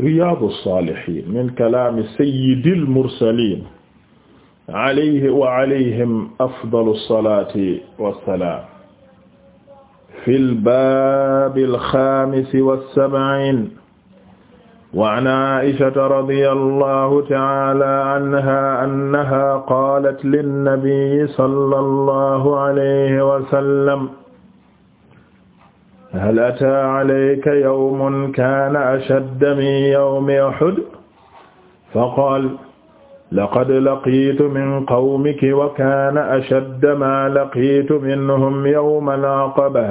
riyaadu saalihiin min kalaami sayyidil mursaliin alayhi wa alayhim afdalu salaati wa salaam fil baabil xaamisi wa sab'iin wa an Aa'ishata radiyallaahu ta'aalaa anhaa annahaa qaalat linnabiyyi sallallaahu alayhi wa sallam hal ataa alayka yawmun kaana ashadda min yawmi Uhud faqaala laqad laqiitu min qawmiki wa kaana ashadda maa laqiitu minhum yawma al-aqaba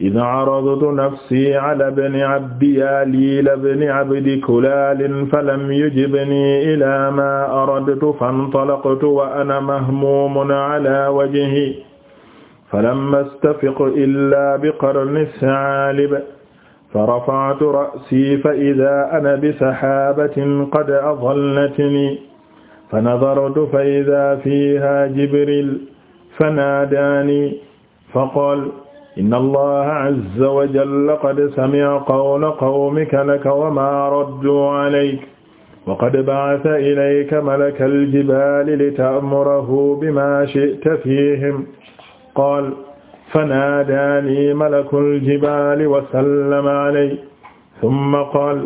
idh caradtu nafsii calaa bni cabdi yaa liila bni cabdi kulaalin falam yujibnii ilaa maa aradtu fantalaqtu wa ana mahmuumun calaa wajhii فلم أستفق إلا بقرن الثعالب فرفعت رأسي فإذا أنا بسحابة قد أظلتني فنظرت فإذا فيها جبريل فناداني فقال إن الله عز وجل قد سمع قول قومك لك وما ردوا عليك وقد بعث إليك ملك الجبال لتأمره بما شئت فيهم qaal fanaadaanii malakul jibaali wa sallama alayhi summa qaal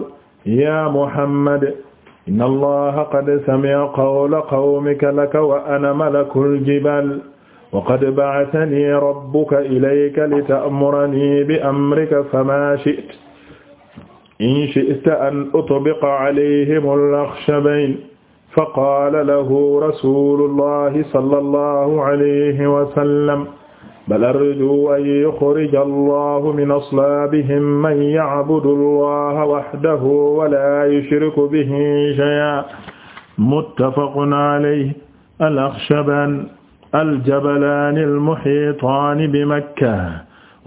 yaa Muhammad inna allaha qad sami'a qawla qawmika laka wa ana malakul jibaal wa qad ba'athanii rabbuka ilayka lita'muranii bi amrika famaa shi'ta in shi'ta an utbiqa alayhimul akhshabayn faqaala lahu rasuulullahi sallallahu alayhi wa sallam bal arju an yuxrija allahu min aslaabihim man yacbudu allaha waxdahu wala yushriku bihi shay'an muttafaqun alayhi al-akhshabaan al-jabalaani al-muhiitaani bi makka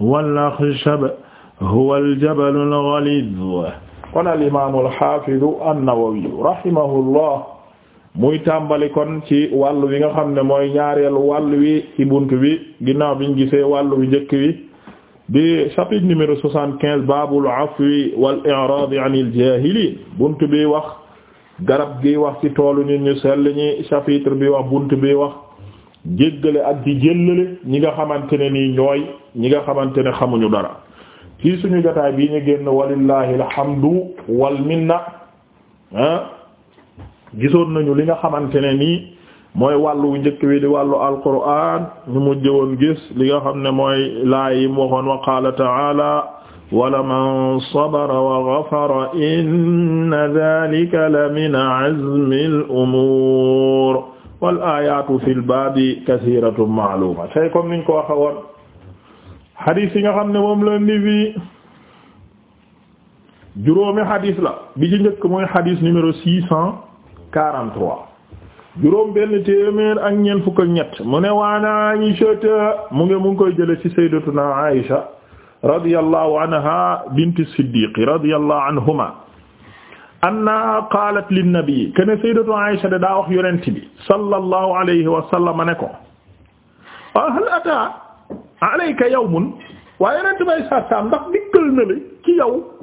wal-akhshab huwa al-jabalu al-ghaliidh. qaala al-imaamu al-haafidu an-nawawi rahimahullah muy tàmbali kon ci wàll wi nga xam ne mooy ñaareelu wàll wi ci bunt bi ginnaaw biñ gisee wàll wi njëkk wi di chapitre numéro soixante-quinze baabul afwi wal i'raad anil jaahiliin bunt bi wax garab gi wax ci toolu nit ñu sell ñi chapitre bi wax bunt bi wax jéggale ak di jéllale ñi nga xamante ne nii ñooy ñi nga xamante ne xamuñu dara ci suñu jotaay bii ñu génn walillahi alhamdu wal minna ah gisoon nañu li nga xamante ne nii mooy wàllu njëkk wi di wàllu alquran ñu mujj woon gis li nga xam ne mooy laa yim waxoon wa qaala ta'ala wala man sabara wa ghafara inna dhalika la min azmi al umur wal ayatu fil baabi kathiratun ma'luma tey comme niñ ko waxe woon xadiis yi nga xam ne moom la ni fi juróomi xadiis la bi ci njëkk mooy xadiis numéro six 43 juróom benn téeméer ak ñeent mu ne waana Aïsha mu ngi mu ngi koy jële ci sayyidatuna Aïsha radiyallahu anha binti Siddiq radiyallahu anhuma anna qaalat linnabi kana sayyidatu Aïsha da daa wax yonent bi sallallahu alayhi wa sallam ne ko ah, hal ataa alayka yawmun waaye yonent bay sa sam ndax dikkal na la ci yow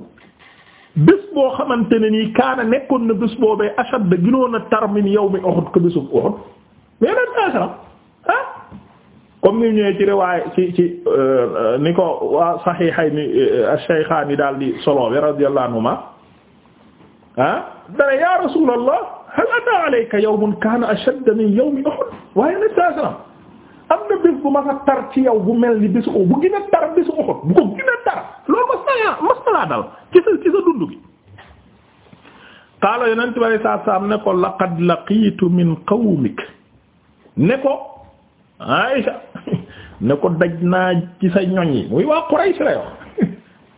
bés boo xamante ne nii kaana nekkoon na bés boobee ashad ginoon a tar min yawmi Uhud ko bésub Uhud yeneen asra ah comme ni ñëwee ci riwaay ci ci euh, ni ko waa Sahihayni euh, Shaykhaani daal di solo bi radiyallahu anhuma ah dara ya Rasulallah hal ataa alayka yawmun kaana ashad min yawmi Uhud waaye yeneen asra am na bés bu ma sa tar ci yow bu mel ni bésu o bu gën a tar bésu oxot bu ko gën a tar loolu mas naa mas na laa dal ci sa ci sa dund gi qaala yonent bi alei saatu ne ko laqad laqiitu min qawmik ne ko Aïcha ne ko daj naa ci sa ñoñ yi muy waa Quraysh la yo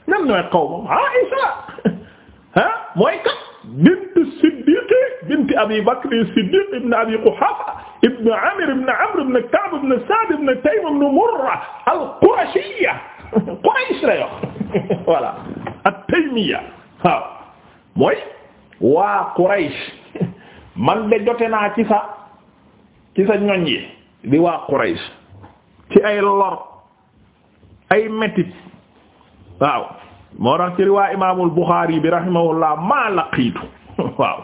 ñan ñooy qawmam Aïcha ah mooy kat bint Siddiq bint Abi Bakr Siddiq ibn Abi Quhafa ibn Amir ibn Amr ibn Ka'b ibn Sa'd ibn Taym ibn Murra al-Qurashiyya Quraysh la yox voilà at-Taymiyya waaw mooy waa Quraysh man de jote naa ci sa ci sa ñoñ yi di waa Quraysh ci ay lor ay metit waaw moo tax ci riwaa Imaamul Buxaari bi rahimahullah maa laqiitu waaw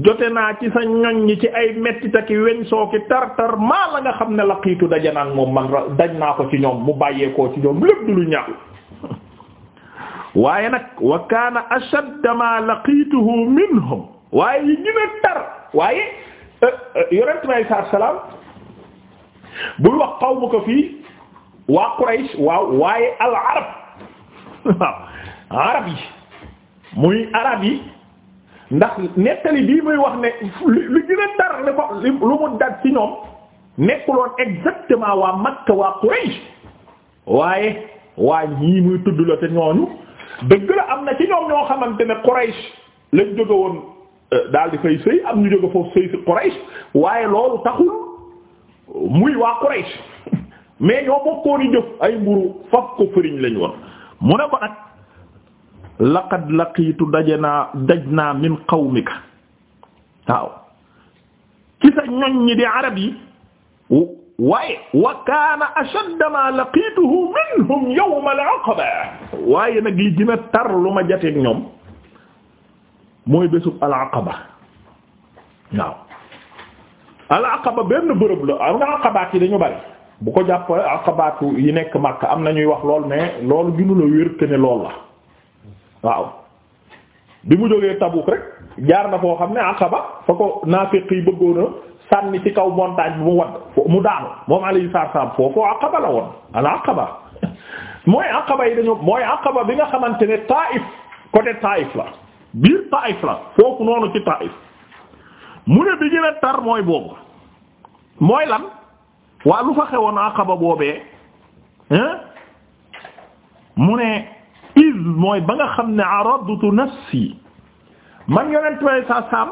jote naa ci sa ñoñ ñi ci ay mettita ki weñ soo ki tar tar maa la nga xam ne laqiitu daje naa moom man daj naa ko ci ñoom mu bàyyeekoo ci ñoom lépp du lu ñaaw waaye nag wa kaana ma laqiituhu minhum waaye yi euh, euh, wax qawmu ko fii waa Quraysh waaw waaye al arab waaw arab yi muy arab yi ndax nettali bii muy wax ne li gën a dar ko lu mu daj ci ñoom nekkuloon exactement waa Makka waa Quraysh waaye waa ñii muy tudd la te ñooñu dëgg la am na ci ñoom ñoo xamante ne Quraysh lañ jóge woon euh, daal di fay sëy am ñu jóge foofu sëy si Quraysh waaye loolu taxul muy waa Quraysh mais ñoo bokkoon jëf ay mburu faf ko fëriñ lañ woon mu ne ko nag laqad laqiitu daje naa daj naa min qawmika waaw ci sa ñoñ ñi di arab yi waaye wa kaana ashadda ma laqiituhu minhum yawma al-aqaba waaye nag yi gën tar lu ma jateeg ñoom mooy bésub al-aqaba waaw al-aqaba benn bërëb la am nga aqabaat yi dañu bari bu ko jàpp aqabaatu yi nekk Makka am na ñuy wax lool mais loolu gënu la wér te ne lool la waaw bi mu jógee Tabuk rek jaar na foo xam ne àqaba fa ko naafiq yi bëggoona sànni ci kaw montagne bi mu wadd mu daanu moom alayhi salaam foofu Aqaba la woon al Aqaba mooy Aqaba yi dañu mooy Aqaba bi nga xamante ne Taif côté Taif la biir Taif la foofu noonu ci Taif mu ne bi gën a tar mooy boobu mooy lan waa lu fa xewoon Aqaba boobee mu ne iz mooy ba nga xam ne aradtu nafsi man yonent way sa saam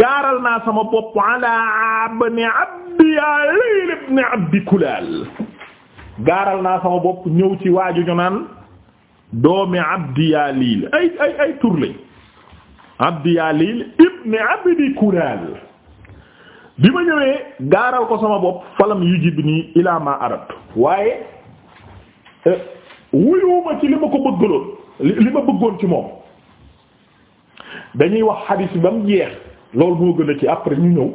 gaaral naa sama bopp ala abni abdi Layl ibn Abdi Kulaal gaaral naa sama bopp ñëw ci waaju ñu naan doomi abdi yaa ay ay ay turle abdi yaa liil abdi kulaal bi ma ñëwee gaaral ko sama bopp falam yujib nii ilaa ma arab waaye eh, wuyuuma ci li ma ko bëggaloon li ma bëggoon ci moom dañuy wax xadiis bi ba mu jeex loolu moo gën a ci après ñu ñëw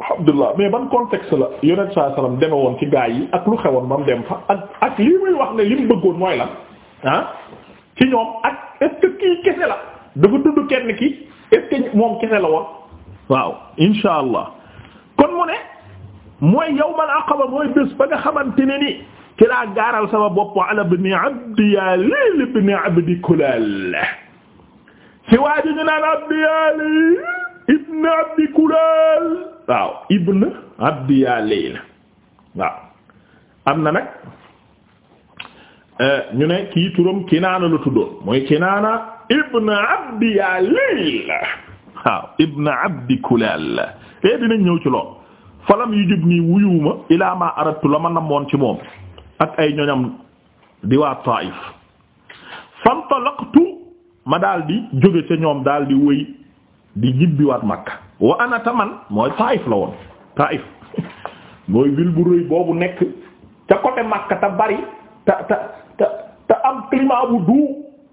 alhamdulilah mais ban contexte la yonent saa salaam deme woon ci gaa yi ak lu xewoon ba mu dem fa ak ak lii muy wax ne li mu bëggoon mooy lan ah ci ñoom ak est kii kese la dafa tudd kenn ki est-ce que moom kese la woon waaw insha allah kon mu ne mooy yawmal aqaba mooy bés ba nga xamante ne ni ci laa gaaral sama bopp ala ibn abdi yalil ibn abdi kulal ci waa ñu naan abdi yalil ibn abdi kulal waaw ibn abdi yalil waaw am na nag eh, ñu ne kii turam la tuddoon mooy kinaana ibn abdi yalil waaw ibn abdi kulal te eh, dinañ ñëw ci lool ilaa ma aradtu la ma namoon ci moom ak ay ñoñam di waa Taif fantalaqtu ma daal di jóge ca ñoom daal di wëy di jibbiwaat Makka wa ana taman mooy Taif la woon Taif mooy ville bu rëy boobu nekk ca côté Makka te bari te te te am climat bu doux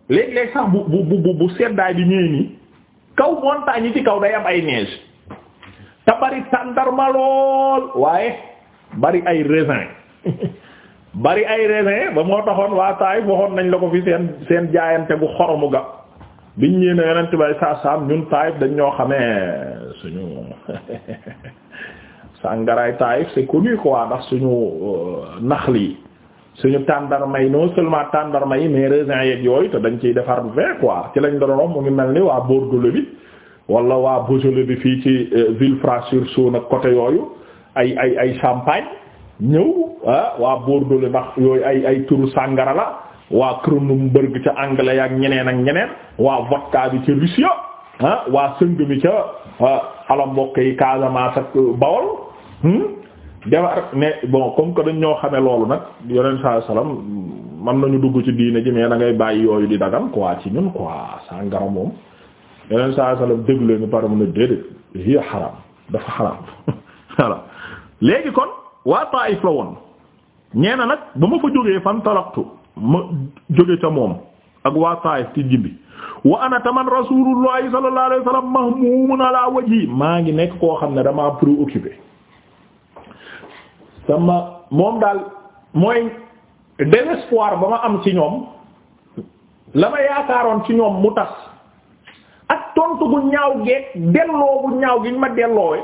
léeg-léeg sax bu bu bu seddaay bi ñëwee kaw montagne ci kaw day am ay neige te bari tàndarma lool waaye bari ay raisin bari ay raisin ba moo taxoon waa Taayif waxoon nañ la ko fi seen seen jaayante bu xoromu ga biñ ñëwee ne yonent bay ñun Taayif dañ ñoo xamee suñu sàngaraay Taayif c'est connu quoi ndax suñu euh, naxli yi suñu tàndarma yi non seulement tàndarma yi mais raisin yeeg yooyu te dañ ciy defar vin quoi ci lañ doon mu ngi mel ni waa Bordeaux bi wala waa Beaujolais bi fii ci euh, Villefranche-sur-Saône ak côté yooyu ay ay ay champagne ñëw ah waa Bordeaux le ndax yooyu ay ay turu sàngara la waa Kronenbourg ca anglais ak ñeneen ak ñeneen waa vodka bi ca Russie ah waa sëng bi ca ah, ala mbokk yi Casamance ak euh, Bawol hmm? defar ne bon comme que dañ ñoo xamee loolu nag yoneen saa salaam man nañu dugg ci diine ji mais da ngay bàyyi yooyu di dagan quoi ci ñun quoi sàngara moom yoneen saa salaam déglu leen ba pare mu ne déedéet lii xaraam dafa xaraam voilà léegi kon. waa Taayif la woon ñee na nag ba ma fa jógee fan talaktu ma jóge ca moom ak waa Taayif ci jimbi wa ana taman rasulullahi mu alayhi wasallam mahmumun ala waji maa ngi nekk koo xam ne damaa préoccupé sama moom daal mooy désespoir ba ma am ci ñoom la ma yaakaaroon ci ñoom mu tas ak tontu gu ñaaw geeg delloo gu ñaaw gi ñu ma delloowe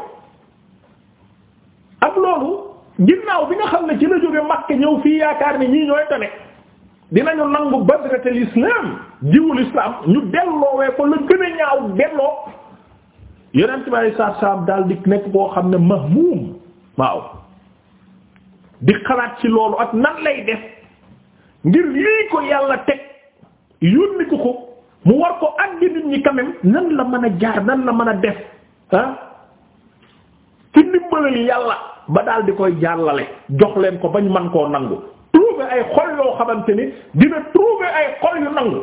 ak loolu ginnaaw bi nga xam ne ci la jóge Makka ñëw fii yaakaar ni ñii ñooy tane dinañu nangu badratel islam jiwul islam ñu wee ko la gën a ñaaw delloo yonent bi alei saatu salaam daal di nekk koo xam ne mahmuum waaw di xalaat ci loolu ak nan lay def ngir lii ko yàlla teg yónni ko ko mu war ko andi nit ñi quand nan la mën a jaar nan la mën a def ah ci ndimbalal yàlla ba daal di koy jàllale jox leen ko bañ man koo nangu trouver ay xol yoo xamante ni dina trouver ay xol yu nangu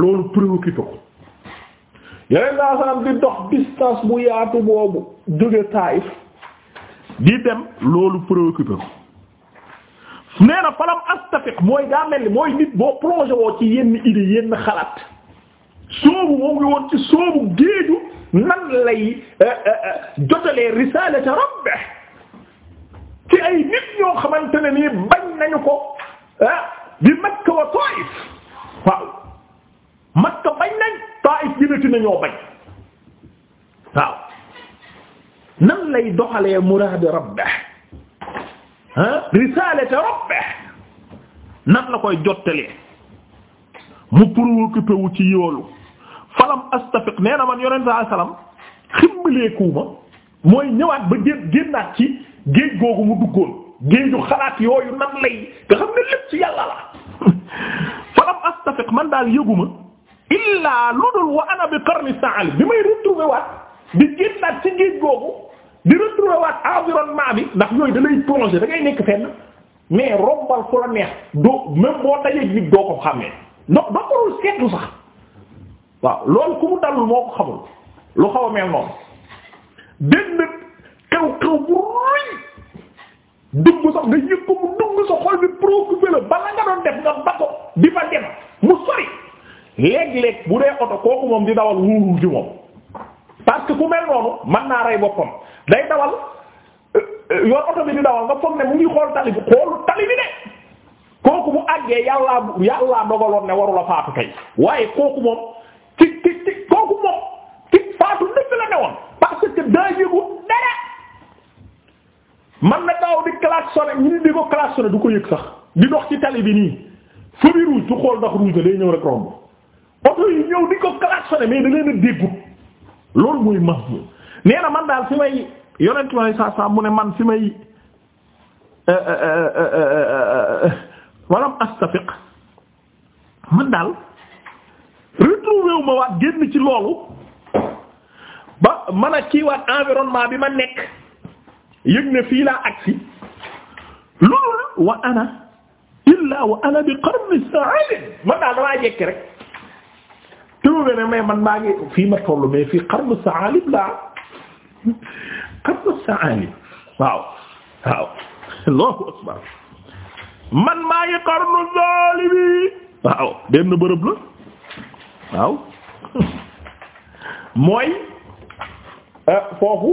loolu préoccupé ko yeneen saa salaam di dox distance bu yaatu boobu jóge Taif di dem loolu préoccupé ko nee na astafiq mooy daa mel ni mooy nit boo plongé woo ci yenn idée yenn xalaat soobu moo ngi woon ci soobu géeju nan lay euh, euh, euh, jotalee risalata rabbih ci ay nit ñoo xamante ne nii bañ nañu ko ah bi Makka wa Taif waaw Makka bañ nañ Taif jënati nañoo bañ waaw nan lay doxalee muraad rabbih ah risaalati rabbih nan la koy jottalee mu préoccupé wu ci yoolu falam astafiq nee na man yonent saa salaam ximbaleekuuma mooy ñëwaat ba génnaat ci géej googu mu duggoon géeju xalaat yooyu nan lay nga xam ne lépp ci yàlla la falam astafiq man daal yëguma illaa lu dul wa ana bi qarni saali bi may retrouver waat di génnaat ci géej googu di retrouver waat environnement bi ndax yooyu da lay plonger da ngay nekk fenn mais rombal fu la neex doo même boo dajeeg nit doo ko xamee ndox doxalul seetlu sax waaw loolu ku mu dalul moo ko xamul lu xaw a mel noonu benn xew-xew dugg sax nga yëg ko mu dugg sa xol bi préoccupé la bala nga doon def nga bako di fa dem mu sori léeg-léeg bu dee oto kooku moom di dawal wuurul ci moom parce que ku mel noonu man naa rey boppam day dawal euh, euh, yor oto bi di dawal nga foog ne mu ngi xool tali bi xoolu tali bi de kooku bu àggee yàllaa yàllaa dogaloon ne warula faatu tey waaye kooku moom ci ci ci kooku moom ci faatu dëgg la ne woon parce que daa yëgu dara man na gaaw di klaxonné ñu di ko klaxonné du ko yëg sax di dox ci tali bi nii feu bi du xool ndax rouge day ñëw rek romb oto yi ñëw di ko klaxonné mais da leen a déggut loolu mooy max moom nee man daal fi may yonent ma saa saa man fi may euh, euh, euh, walam astafiq waat génn ci loolu ba man a kiiwaat environnement bi ma nekk yëg ne fii laa agsi loolu wa ana illa wa ana bi qarni sa'id man daal damaa jekki rek trouvé ne mais man maa ngi fii ma toll mais fii qarni sa'alib laa qarni sa'alib waaw waaw allahu akbar man maa ngi qarnu zalibi waaw benn bërëb la waaw mooy eh, foofu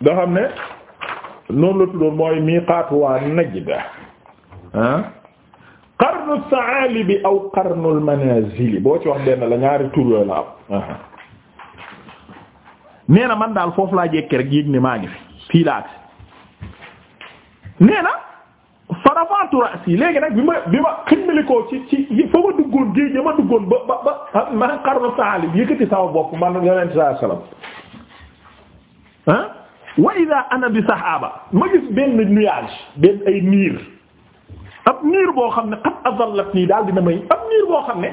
nga xam noonu la tuddoon mooy miiqaatu waa Najd ah qarnu saalibi aw qarnul manazili boo ci wax benn la ñaari tur yooyu la am nee na man daal foofu laa jekke rek yéeg ne maa ngi fi fii laa nee na farafatu rasi léegi nag bi ma bi ma ximmalikoo ci ci fa ma duggoon géej ma duggoon ba ba ba ah, man qarnu saalib yëkkati sama bopp man yonent sallallahu alayhi wasallam ah wa ida ana bi saxaaba ma gis benn nuage benn ay niir ab niir boo xam ne qad adallat nii daal dina may ab niir boo xam ne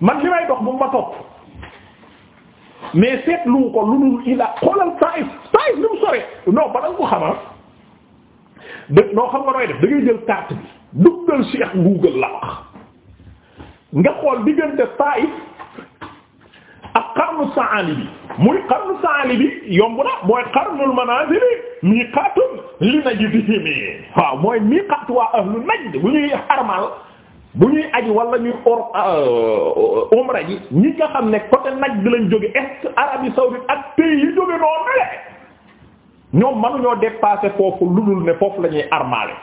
man li may dox bu ma topp mais seetlu ko lu dul ila xoolal Taif Taif lu mu sore non ba danga ko xamal dé noo xam nga nooy def da ngay jël carte bi duggal Cheikh Google la wax nga xool diggante Taif qarnu saalibi muy qarnu saalibi yomb na mooy qarnul manaazili miiqaatun li najdihim waaw mooy miiqaatu waa ahlu najd bu ñuy armal bu ñuy aji wala ñuy or euh, umra ji ñi nga xam ne côté najd lañ jóge est Arabie saoudite ak pays yi jóge noonu ne ñoom mënuñoo dépasser foofu lu dul ne foofu la armaale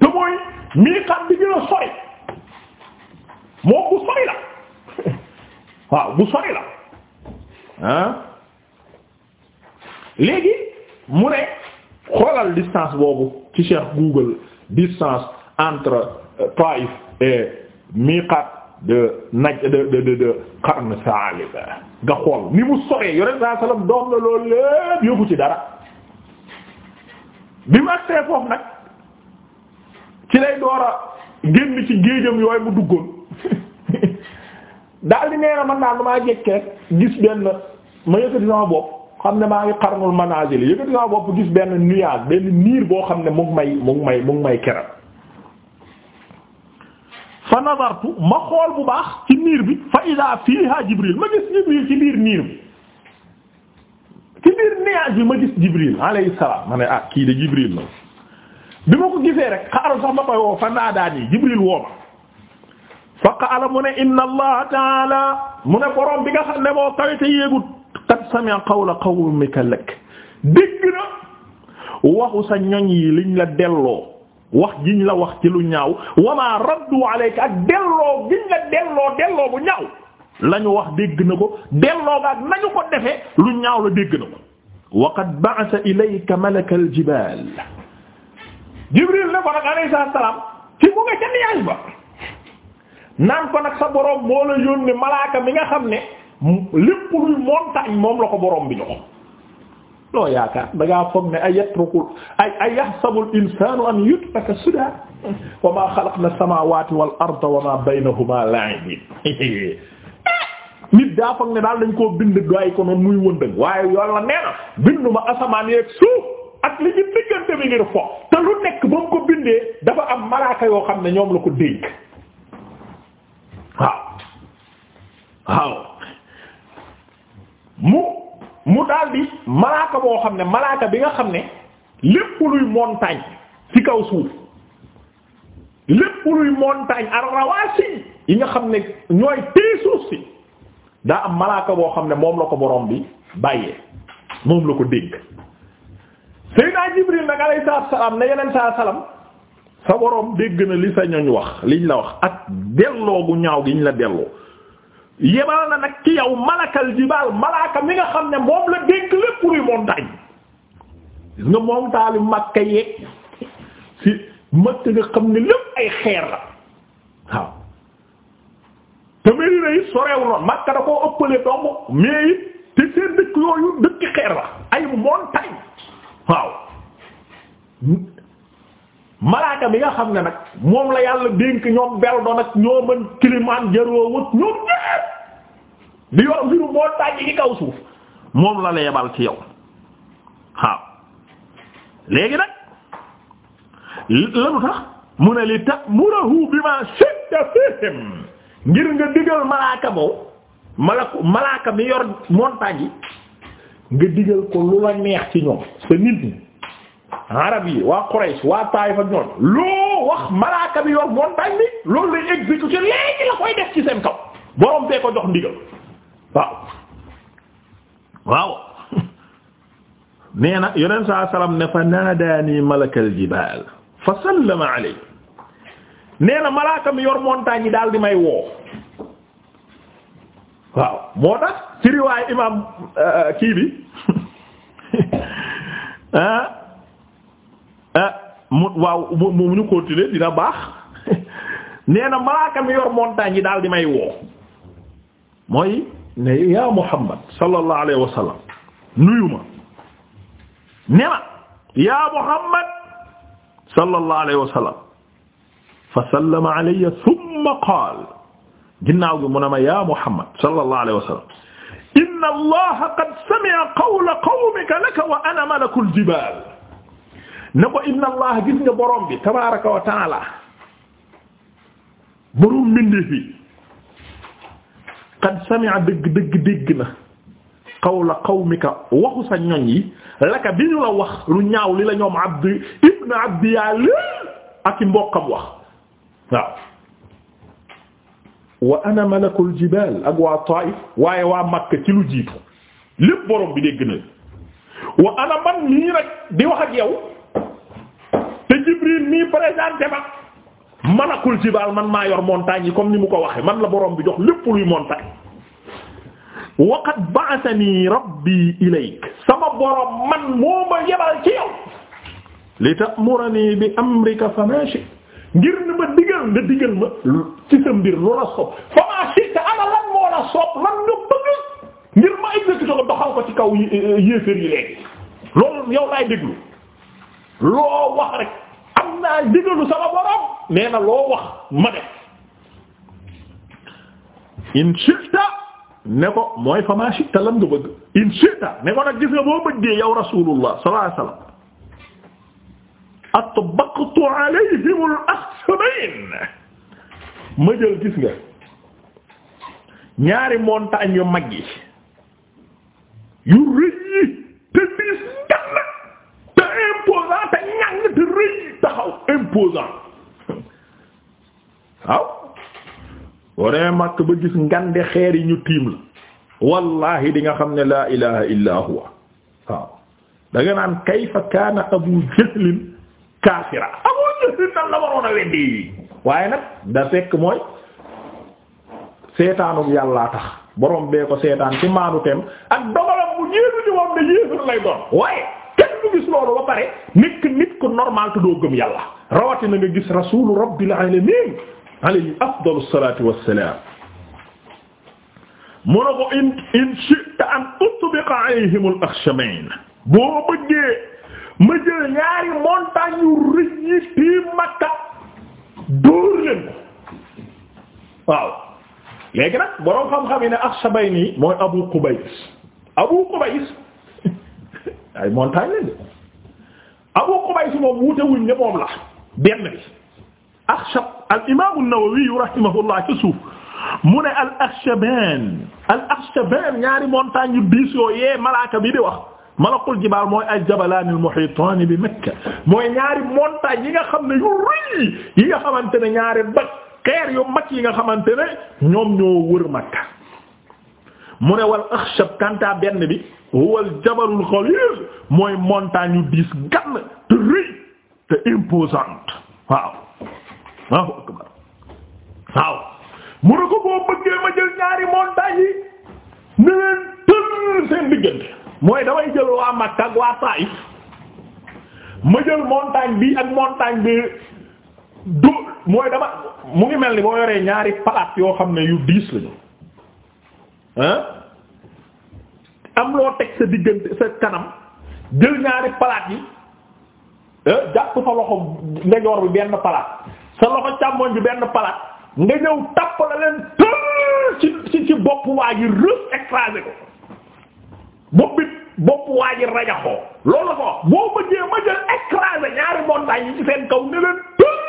te mooy miiqaat bi gën a sori moo ko sori la. waaw bu sori la ah léegi mu ne xoolal distance boobu ci Cheikh Google distance entre euh, Taïf et miqat de naj de de de de Qarn Saalib nga xool ni mu soree yore saa salaam doom la loolu lépp yóbbu ci dara bi mu agsee foofu nag ci lay door a génn ci géejam yooyu mu duggoon. daal di nee na man daal damaa jékki gis benn ma yëkkati sama bopp xam ne maa ngi xarnul manazil yëkkati sama bopp gis benn nuage benn niir boo xam ne mu may mu may mu may keral fa nazartu ma xool bu baax ci niir bi fa ida fiha jibril ma gis jibril ci biir niir bi ci biir nuage bi ma gis jibril alayhi salaam ma ne ah kii de jibril la bi ma ko gisee rek xaaral sax ma koy woo fa naa daan yi jibril woo ma fa qaala mu ne inna allah taala mu ne borom bi nga xam ne moo kawe te yéegut qad sami'a qawla qawmika lak dégg na waxu sa ñoñ yi liñ la delloo wax giñ la wax ci lu ñaaw wama raddu alayka ak delloo giñ la delloo delloo bu ñaaw lañu wax dégg na ko delloo ga ak nañu ko defee lu ñaaw la dégg na ko wa qad ba'atha ilayka malaka al jibal jibril ne ko nag alayhi salaam ci mu nga ca niyaay ba naan ko nag sa borom moo la yónnee malaaka mi nga xam ne lépp luy montagne moom la ko boroom bi jox loo yaakaar da ngaa foog ne ay yatrukul ay ay yahsabul an yutraka suda wa maa xalaqna samaawaati nit daa ne daal dañ koo bind doy waaye Yàlla nee na binduma asamaan yeeg suuf ak li ñu diggante bi ngir fo te lu nekk ba mu ko bindee dafa am malaaka yoo xam ne ñoom la ko dénk waaw mu mu daldi malaaka boo xam ne malaaka bi nga xam ne lépp luy montagne ci kaw suuf lépp luy montagne ar rawaasi yi nga xam ne ñooy téye suuf si daa am malaaka boo xam ne moom la ko boroom bi bàyyee moom la ko dégg Seydina Jibril nag alayhi salaam ne yeneen saa salaam sa borom dégg na li sa ñoñ wax liñ la wax ak delloo gu ñaaw gi ñu la delloo yebal na nag ci yow malakal jibaal malaaka mi nga xam ne moom la dénk lépp luy montagne gis nga moom makka yeeg si makka nga xam ne lépp ay xeer la waaw te Medina it makka da koo ëppale dong mais it te seen dëkk yooyu dëkk xeer ay montagne waaw malaaka bi nga xam ne nag moom la yàlla dénk ñoom Beldo nag ñoo mën kilimaan jaroo wut ñoom ñëpp di yor mbiru moo tàjj ci kaw suuf moom la la yebal ci yow waaw léegi nag lanu tax mu ne li ta'muruhu bima shi'ta fihim ngir nga digal malaaka boobu malaku malaaka mi yor montagne yi nga digal ko lu la neex ci ñoom sa nit ñi arab yi waa Quraysh waa Taayif ak ñoom loo ko jox ndigal waaw waaw nee na yonent ne fa naadaani malakal jibaal fa sallama alay nee na malaaka yi daal di may woo moo tax ci riwaay imaam euh, kii bi ah, Eh, mu waaw mu ñu continuer dina baax nee na malaaka mi yor montagne yi daal di may woo mooy ne yaa Muhammad sallallahu alayhi wa sallam nuyu ma ne ma yaa Muhammad sallallahu alayhi wa sallam fa sallama alayya thumma qaala ginnaaw gi mu ne ma yaa Muhammad sallallahu alayhi wa sallam inna Allaha qad sami'a qawla qawmika laka wa ana malakul jibaal ne ko inna allah gis nga borom bi tabaraka wa taala borom mbindee fi qad sami'a dëgg dëgg dëgg na qawla qawmika waxu sa ñoñ yi laka bi ñu la wax lu ñaaw li la ñoom abdi ibn abdi yàlla ak i mbokkam wax waaw wa ana malakul ak waa Taif waaye waa Makka ci lu jiitu lépp borom bi dégg na wa ana man nii rek di wax ak yow yéen nii présenté ma malakul jibaal man maa yor montagne yi comme ni mu ko waxe man la borom bi jox lépp luy montagne waqad ba'athani rabbi ilayk sama borom man moo ma yebal ci yow li ta'murani bi amrika fama shi ngir ni ma digal nga ma ci sa mbir lu la soob fama ko doxal ko ci kaw yéeféer yi léegi loolu yow laay déglu loo wax am naa digalu sama borom nee na loo wax ma def in shi'ta ne ko mooy fa ma shi'ta lan nga bëgg in shi'ta ne ko nag gis nga boo bëggee yow rasulullah sallallahu alayhi wasallam atbaqtu alayhim al-akhsabayn ma jël gis nga ñaari montagne yu mag yi yu rëy yi te diis ngan te imposant te ñàng te rëy taxaw imposant waaw boo demee màkk ba gis ngande xeer yi ñu tiim la wallahi di xam ne laa ilaha illa huwa waaw da naan kayfa kaana abu jahlin kaafira abu jahlin nan la waroon a weddi waaye nag da mooy seetaanum yàllaa tax borom bee ko seetaan ci maanu ak dogalam mu jéeru di moom ne yéefar lay doon waaye ñu gis loolu ba pare nekk nit ku normal te doo gëm yàlla rawatina nga gis rasulu rabbil alamin alayhi afdalu salatu wassalam mu ne ko in in shi'ta an utbiqa alayhim al akhshamayn boo bëggee ma jël ñaari montagne yu rëy yi fii Makka dóor leen ko waaw léegi nag boroom xam-xam yi ne akhshamayn yi mooy Abu Qubays Abu Qubays ay montagne lañ de Abu Qubays moom wuute wuñ ne moom la benn bi akhshab al imam an-Nawawi rahimahullah ci suuf mu ne al akhshaban al akhshaban ñaari montagne yu diis yoo yee malaaka bi di wax malakul jibaal mooy al jabalaan al muhitaan bi Makka mooy ñaari montagne yi nga xam ne yu rëy yi nga xamante ne ñaari bag xeer yu mag yi nga xamante ne ñoom ñoo wër Makka mu ne wal axshab kanta benn bi huwal jabalul xaliil mooy montagne yu diis gann te rëy te imposante waaw waaw waaw mu ne ko boo bëggee ma jël ñaari montagne yi ne leen tëll seen diggante mooy damay jël waa Makka ak waa Taif ma jël montagne bi ak montagne bi du mooy dama mu ngi mel ni boo yoree ñaari palaat yoo xam ne yu diis lañu am loo teg sa diggante sa kanam jël ñaari palaat yi eh, jàpp sa loxo ndejoor bi benn palaat sa loxo càmmoñ bi benn palaat nga ñëw tàpp la leen tëll ci ci ci bopp waa ji rës écrasé ko bopp bi bopp waa ji rajaxoo loolu la ko wax boo ma jël écrasé ñaari montagne yi ci seen kaw ne leen tëll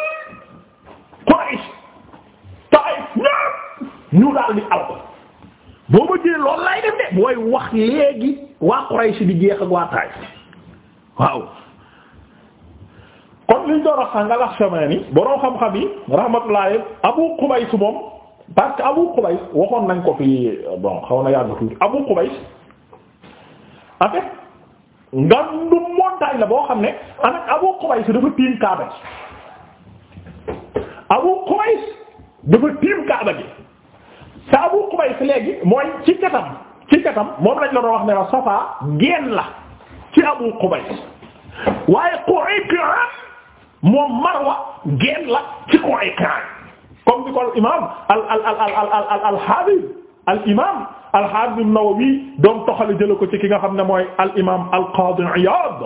Quraish Taif ñu daal di alko boo bëggee loolu lay def de mooy wax léegi waa Quraysh di jeex ak waa Taayif waaw kon liñ doon wax nga lax samaani borom xam-xam yi rahmatullahi Abu Qubays moom parce que Abu Qubays waxoon nañ ko fi bon xaw na yàgg tuuti Abu Qubays en fait ngandu montagne la boo xam ne en Abu Qubays dafa tiim Kaaba gi Abu Qubays dafa tiim Kaaba gi sa Abu Qubays léegi mooy ci katam ci katam moom lañ la doon wax ne la Safa geen la ci Abu Qubays waaye Qayqi'an moom Marwa geen la ci Qayqi'an comme ni ko imaam al al al al al al al Hafiz al imaam al Hafiz an-Nawawi doon toxale jëlee ko ci ki nga xam ne mooy al imaam al Qadi Iyad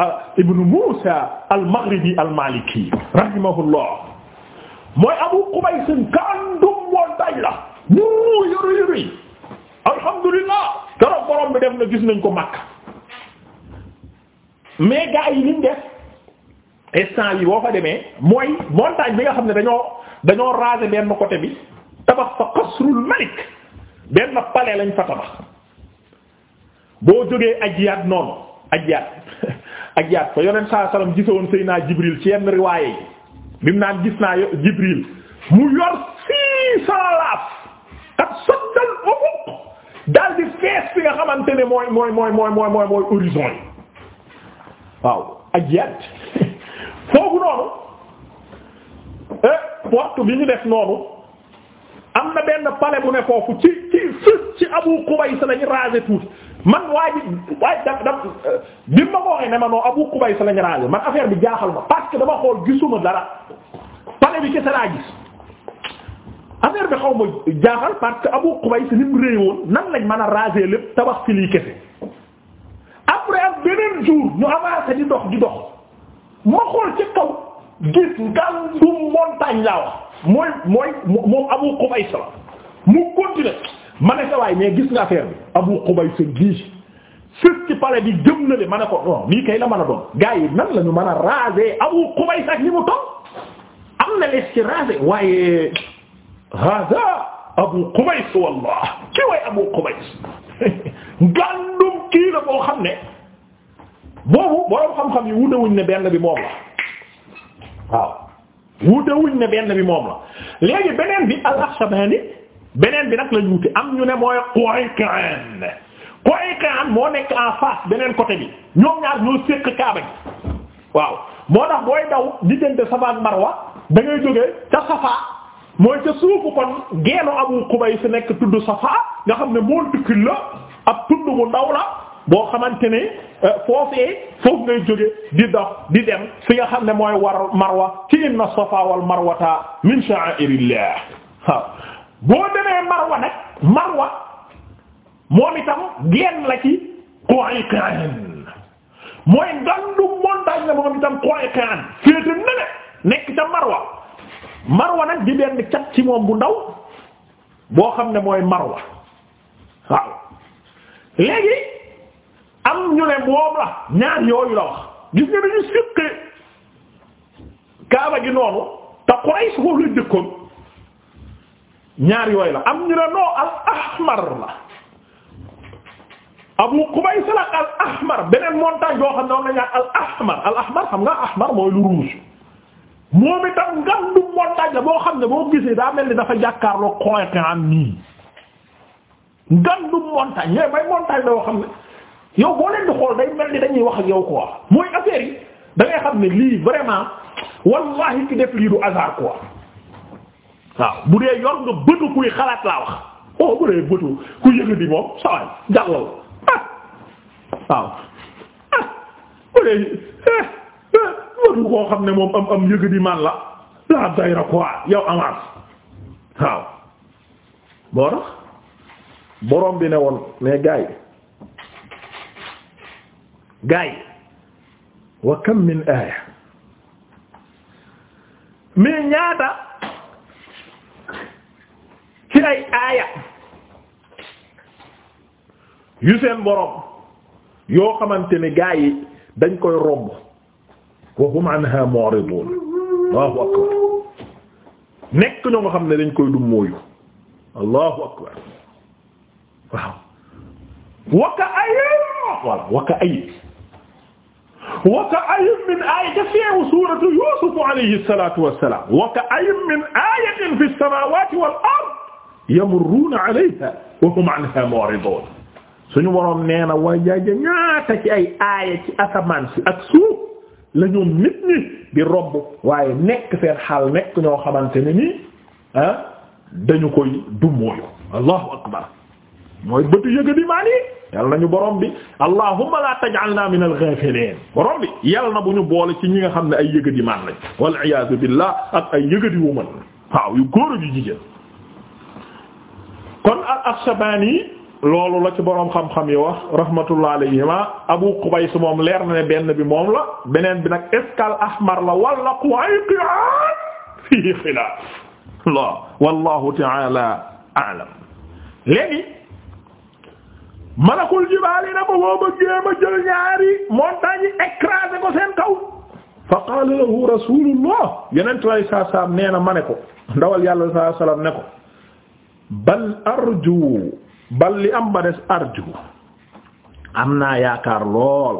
ah, ibn Musa al Maghribi al Maliki rahimahullah mooy Abu Qubays kandum montagne la. wuu yore yore yi alhamdulilah keroog bi def na gis nañ ko Makka mais gaa yi liñ def instant bi boo fa demee mooy montagne bi nga xam ne dañoo dañoo raser benn côté bi tabax fa qasrul malik benn palais lañ fa tabax boo jógee Ajiyaat noonu Ajiyaat Ajiyaat fa yonent saa salaam gisoon Seydina Jibril ci yenn riwaaye yi bi mu naan gis naa Jibril mu yor six cent sottal ufuq daal di fees fi nga xamante ne mooy mooy mooy mooy mooy mooy mooy yi waaw ak yat foofu noonu eh, porte bi ñu def noonu am na benn palais bu ne foofu ci ci ci Abu Qubays lañu raser tuuti man waa ji waaye da da eh, bi ma ko waxee ne ma noo Abu Qubays lañu raser man affaire bi jaaxal ma parce que dama xool gisuma dara palais bi kese laa gis affaire bi xaw ma jaaxal parce que Abu Qubays ni mu réewoon nan lañ mën a raser lépp tabax ci lii kese après ak beneen dox di dox xool ci kaw gis ngandum montagne laa wax mooy mooy moom Abu Qubays la mu continuer ma ne sa waay mais gis nga affaire bi Abu Qubays gii sës ci pale bi jëm na le ma ne ko non lii kay la man a doon gars yi nan lañu ñu mën a raser Abu Qubays ak ni mu toll am na les ci raser waaye hada abu qubays wallah ki way abu qubays gàndum kii la boo xam ne boobu boroom xam-xam yi wutewuñ ne benn bi moom la waaw wutewuñ ne benn bi moom la léegi beneen bi al-Akhshamani beneen bi nag lañ wuti am ñu ne mooy Quyqan Quyqan moo nekk en face beneen côté bi ñoom ñaar ñoo séq kaaba gi waaw moo tax booy daw diggante Safa ak Marwa da ngay jógee ca Safa mooy ca suufu kon geenu Abu Qubays nekk tudd Safa nga xam ne monticule la ab tund mu ndaw la boo xamante ne euh, foofee foofu ngay jóge di dox di dem fi nga xam ne mooy war Marwa ci inna Safa wal Marwata min sha'airillah waaw boo demee Marwa nag Marwa moom itam geen la ci Qayqaan mooy ngandu montagne la moom itam Qayqaan féete na nekk ca Marwa marwa nag di benn cat ci moom bu ndaw boo xam ne mooy marwa waaw léegi am ñu ne moom la ñaar yooyu la wax gis nga dañu sëqee kaaba gi noonu te Quraysh foofu la dëkkoon ñaar yooyu la am ñu ne noo al ahmar la Abu Qubays la al ahmar beneen montagne boo xam ne noonu la ñaar al ahmar al ahmar xam nga ahmar mooy lu rouge moom itam ngandu montagne la boo xam ne boo gisee daa mel ni dafa jàkkaarloo xoyte am nii ngandu montagne yooyu may montagne la xam ne yow boo leen di xool day mel ni dañuy wax ak yow quoi mooy affaire yi da xam ne lii vraiment wallahi ki def lii du hasard quoi waaw bu dee yor nga bëtu kuy xalaat laa wax oh bu dee bëtu ku yëngu di moom saway jàllal ah. waaw ah bu eh, eh. warul koo xam ne moom am am yëgadi man la la dayra quoi yow avance waaw boo tax borom bi ne woon mais gaa gaay wa kam min aaya mais ñaata ci ay aaya yu seen borom yoo xamante ne gaa yi dañ koy romb wa hum anha mu'ridun allahu akbar nekk ñoo nga xam ne dañ koy dum mooyu allahu akbar waaw waka ayib voilà waka ayib waka ayib min aaya da feewu suratu yusufu alayhi salatu wassalam waka ayib min ayatin fi samawati wal ard yamurruuna alayha wa hum anha mu'ridun suñu waroon nee na waajaja ñaata ci ay aaya ci asamaan si ak suuf la ñoom nit ñi di waaye nekk seen xaal nekk ñoo xamante ne ni ah, dañu koy dummóoyu allahu akbar mooy bëtu yëga di maan yal nañu borom bi allahumma la taj'alna min al-ghafilin borom bi yal na bu ñu boole ci ñi nga xam ne ay yëga maan lañ wal iyaazu billah ak ay yëga wu man waaw yu góor a yu jigéen kon al-Akhshabani loolu la ci boroom xamxam xam yi wax rahmatullah alayhima Abu Qubays moom leer na ne benn bi moom la beneen bi nag iskal ahmar la wala Quyqi'an fii xilaaf la wallahu ta'ala a'lam léegi malakul jibaal yi na ba boo bëggee ma jël ko seen kaw fa lahu rasulullah yeneen tuwaay saa saam nee ma ne ko ndawal yàlla saa salaam ne ko bal arju bal li am ba des arju am naa yaakaar lool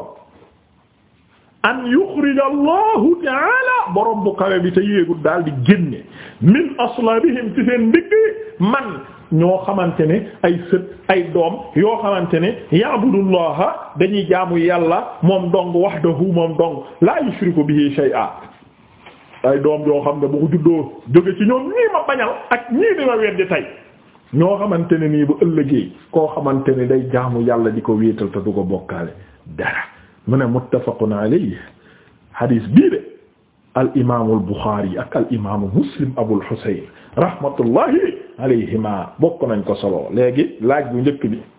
an yuxrij allahu taala borom bu kawe bi te yéegul daal di génne min aslabihim ci seen ndigg man ñoo xamante ne ay sët ay doom yoo xamante ne ya'budullaha dañuy jaamu yàlla moom dong wahdahu moom dong la yushriku bihi shay'a ay doom yoo xam ne bu ko juddoo jóge ci ñoom ñii ma bañal ak ñii di ma weddi tey ñoo xamante ne nii bu ëllëgee koo xamante ni day jaamu yàlla di ko wéetal te du ko bokkaale dara mu ne muttafaqun alayhi hadis bii de al imaamul Buxaari ak al imaamu Muslim Abul Husayn rahmatullahi alayhima bokk nañ ko solo léegi laaj bu njëkk bi.